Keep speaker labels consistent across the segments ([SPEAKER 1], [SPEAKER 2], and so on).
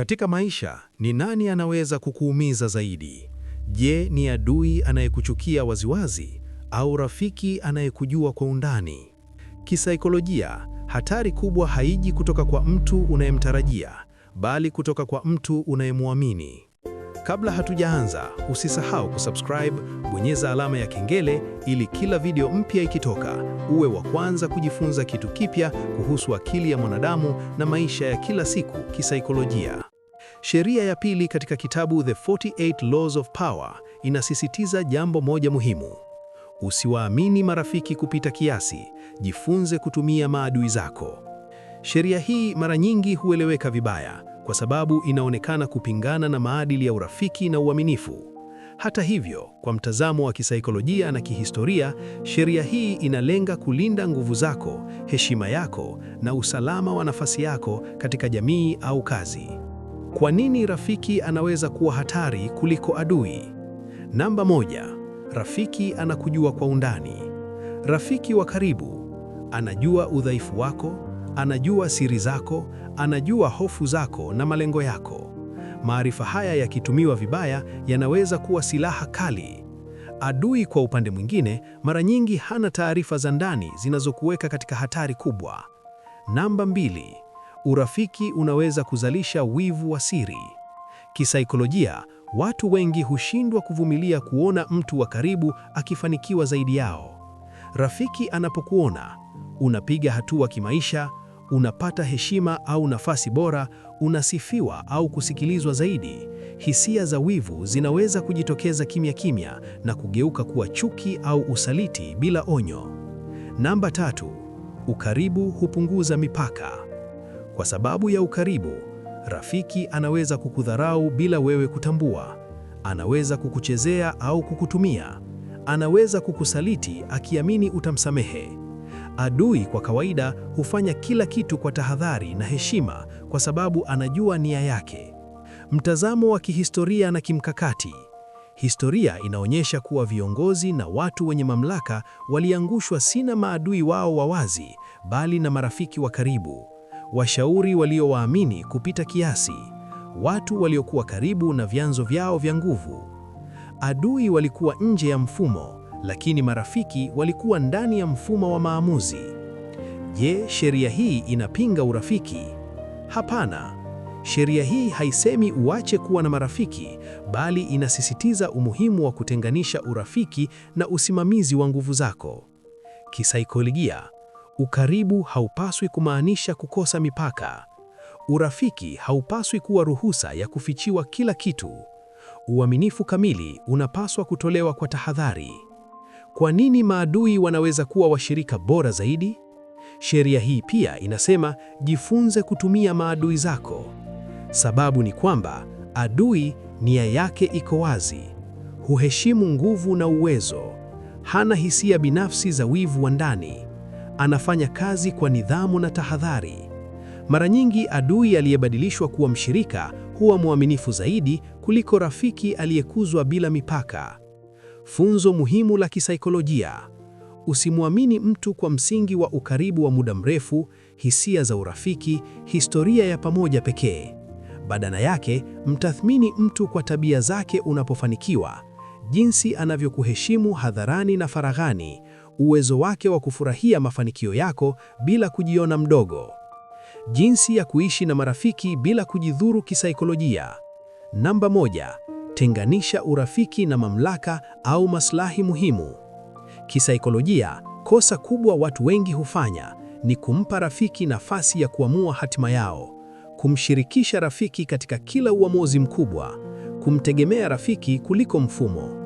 [SPEAKER 1] Katika maisha, ni nani anaweza kukuumiza zaidi? Je, ni adui anayekuchukia waziwazi au rafiki anayekujua kwa undani? Kisaikolojia, hatari kubwa haiji kutoka kwa mtu unayemtarajia, bali kutoka kwa mtu unayemwamini. Kabla hatujaanza, usisahau kusubscribe, bonyeza alama ya kengele ili kila video mpya ikitoka, uwe wa kwanza kujifunza kitu kipya kuhusu akili ya mwanadamu na maisha ya kila siku kisaikolojia. Sheria ya pili katika kitabu The 48 Laws of Power inasisitiza jambo moja muhimu: usiwaamini marafiki kupita kiasi, jifunze kutumia maadui zako. Sheria hii mara nyingi hueleweka vibaya kwa sababu inaonekana kupingana na maadili ya urafiki na uaminifu. Hata hivyo, kwa mtazamo wa kisaikolojia na kihistoria, sheria hii inalenga kulinda nguvu zako, heshima yako na usalama wa nafasi yako katika jamii au kazi. Kwa nini rafiki anaweza kuwa hatari kuliko adui? Namba moja, rafiki anakujua kwa undani. Rafiki wa karibu anajua udhaifu wako, anajua siri zako, anajua hofu zako na malengo yako. Maarifa haya yakitumiwa vibaya yanaweza kuwa silaha kali. Adui kwa upande mwingine, mara nyingi hana taarifa za ndani zinazokuweka katika hatari kubwa. Namba mbili, urafiki unaweza kuzalisha wivu wa siri. Kisaikolojia, watu wengi hushindwa kuvumilia kuona mtu wa karibu akifanikiwa zaidi yao. Rafiki anapokuona unapiga hatua kimaisha, unapata heshima au nafasi bora, unasifiwa au kusikilizwa zaidi, hisia za wivu zinaweza kujitokeza kimya kimya na kugeuka kuwa chuki au usaliti bila onyo. Namba tatu, ukaribu hupunguza mipaka. Kwa sababu ya ukaribu, rafiki anaweza kukudharau bila wewe kutambua. Anaweza kukuchezea au kukutumia. Anaweza kukusaliti akiamini utamsamehe. Adui kwa kawaida hufanya kila kitu kwa tahadhari na heshima kwa sababu anajua nia yake. Mtazamo wa kihistoria na kimkakati. Historia inaonyesha kuwa viongozi na watu wenye mamlaka waliangushwa si na maadui wao wa wazi, bali na marafiki wa karibu washauri waliowaamini kupita kiasi, watu waliokuwa karibu na vyanzo vyao vya nguvu. Adui walikuwa nje ya mfumo, lakini marafiki walikuwa ndani ya mfumo wa maamuzi. Je, sheria hii inapinga urafiki? Hapana. Sheria hii haisemi uache kuwa na marafiki, bali inasisitiza umuhimu wa kutenganisha urafiki na usimamizi wa nguvu zako. Kisaikolojia, Ukaribu haupaswi kumaanisha kukosa mipaka. Urafiki haupaswi kuwa ruhusa ya kufichiwa kila kitu. Uaminifu kamili unapaswa kutolewa kwa tahadhari. Kwa nini maadui wanaweza kuwa washirika bora zaidi? Sheria hii pia inasema jifunze kutumia maadui zako. Sababu ni kwamba adui nia yake iko wazi, huheshimu nguvu na uwezo, hana hisia binafsi za wivu wa ndani anafanya kazi kwa nidhamu na tahadhari. Mara nyingi adui aliyebadilishwa kuwa mshirika huwa mwaminifu zaidi kuliko rafiki aliyekuzwa bila mipaka. Funzo muhimu la kisaikolojia: usimwamini mtu kwa msingi wa ukaribu wa muda mrefu, hisia za urafiki, historia ya pamoja pekee. Badala yake, mtathmini mtu kwa tabia zake unapofanikiwa, jinsi anavyokuheshimu hadharani na faraghani, uwezo wake wa kufurahia mafanikio yako bila kujiona mdogo, jinsi ya kuishi na marafiki bila kujidhuru kisaikolojia. Namba moja, tenganisha urafiki na mamlaka au maslahi muhimu. Kisaikolojia, kosa kubwa watu wengi hufanya ni kumpa rafiki nafasi ya kuamua hatima yao, kumshirikisha rafiki katika kila uamuzi mkubwa, kumtegemea rafiki kuliko mfumo.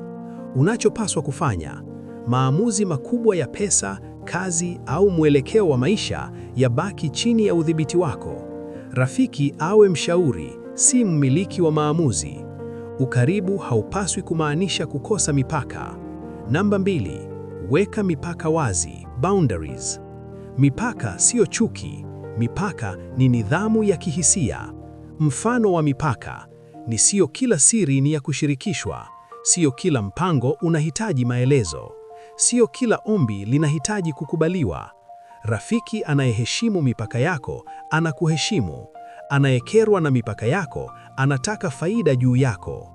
[SPEAKER 1] Unachopaswa kufanya maamuzi makubwa ya pesa, kazi au mwelekeo wa maisha yabaki chini ya udhibiti wako. Rafiki awe mshauri, si mmiliki wa maamuzi. Ukaribu haupaswi kumaanisha kukosa mipaka. Namba mbili, weka mipaka wazi, boundaries. Mipaka siyo chuki, mipaka ni nidhamu ya kihisia. Mfano wa mipaka ni siyo kila siri ni ya kushirikishwa, siyo kila mpango unahitaji maelezo. Sio kila ombi linahitaji kukubaliwa. Rafiki anayeheshimu mipaka yako anakuheshimu. Anayekerwa na mipaka yako anataka faida juu yako.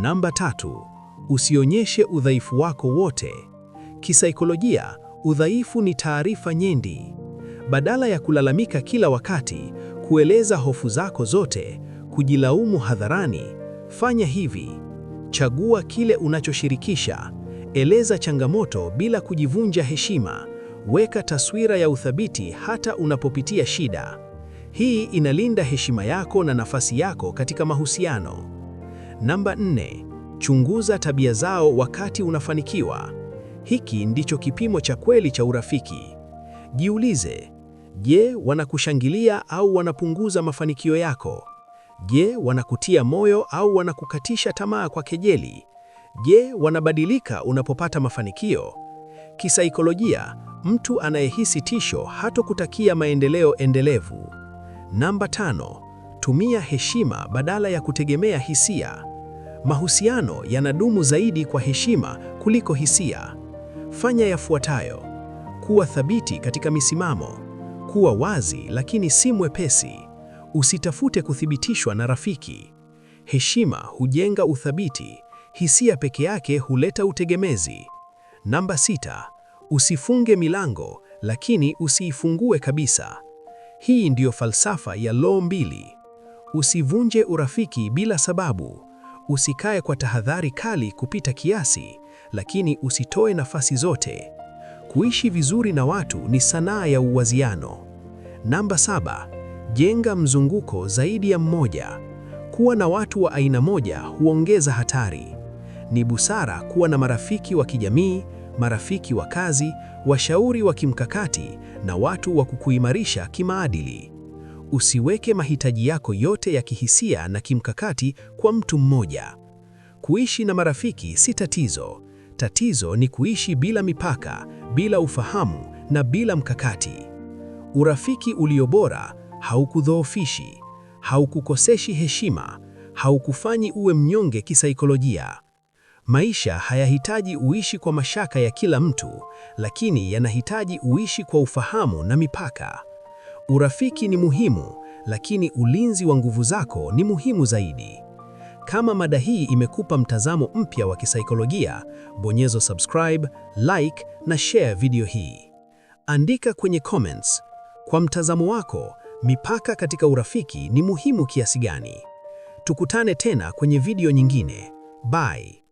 [SPEAKER 1] Namba tatu, usionyeshe udhaifu wako wote. Kisaikolojia, udhaifu ni taarifa nyendi. Badala ya kulalamika kila wakati, kueleza hofu zako zote, kujilaumu hadharani, fanya hivi: chagua kile unachoshirikisha, Eleza changamoto bila kujivunja heshima. Weka taswira ya uthabiti hata unapopitia shida. Hii inalinda heshima yako na nafasi yako katika mahusiano. Namba nne, chunguza tabia zao wakati unafanikiwa. Hiki ndicho kipimo cha kweli cha urafiki. Jiulize, je, wanakushangilia au wanapunguza mafanikio yako? Je, wanakutia moyo au wanakukatisha tamaa kwa kejeli? Je, wanabadilika unapopata mafanikio? Kisaikolojia, mtu anayehisi tisho hatokutakia maendeleo endelevu. Namba tano, tumia heshima badala ya kutegemea hisia. Mahusiano yanadumu zaidi kwa heshima kuliko hisia. Fanya yafuatayo: kuwa thabiti katika misimamo, kuwa wazi lakini si mwepesi, usitafute kuthibitishwa na rafiki. Heshima hujenga uthabiti, hisia peke yake huleta utegemezi. Namba sita, usifunge milango lakini usiifungue kabisa. Hii ndiyo falsafa ya Law mbili. Usivunje urafiki bila sababu. Usikae kwa tahadhari kali kupita kiasi, lakini usitoe nafasi zote. Kuishi vizuri na watu ni sanaa ya uwaziano. Namba saba, jenga mzunguko zaidi ya mmoja. Kuwa na watu wa aina moja huongeza hatari. Ni busara kuwa na marafiki wa kijamii, marafiki wa kazi, washauri wa kimkakati na watu wa kukuimarisha kimaadili. Usiweke mahitaji yako yote ya kihisia na kimkakati kwa mtu mmoja. Kuishi na marafiki si tatizo. Tatizo ni kuishi bila mipaka, bila ufahamu na bila mkakati. Urafiki ulio bora haukudhoofishi, haukukoseshi heshima, haukufanyi uwe mnyonge kisaikolojia. Maisha hayahitaji uishi kwa mashaka ya kila mtu, lakini yanahitaji uishi kwa ufahamu na mipaka. Urafiki ni muhimu, lakini ulinzi wa nguvu zako ni muhimu zaidi. Kama mada hii imekupa mtazamo mpya wa kisaikolojia, bonyeza subscribe, like na share video hii. Andika kwenye comments, kwa mtazamo wako, mipaka katika urafiki ni muhimu kiasi gani? Tukutane tena kwenye video nyingine. Bye.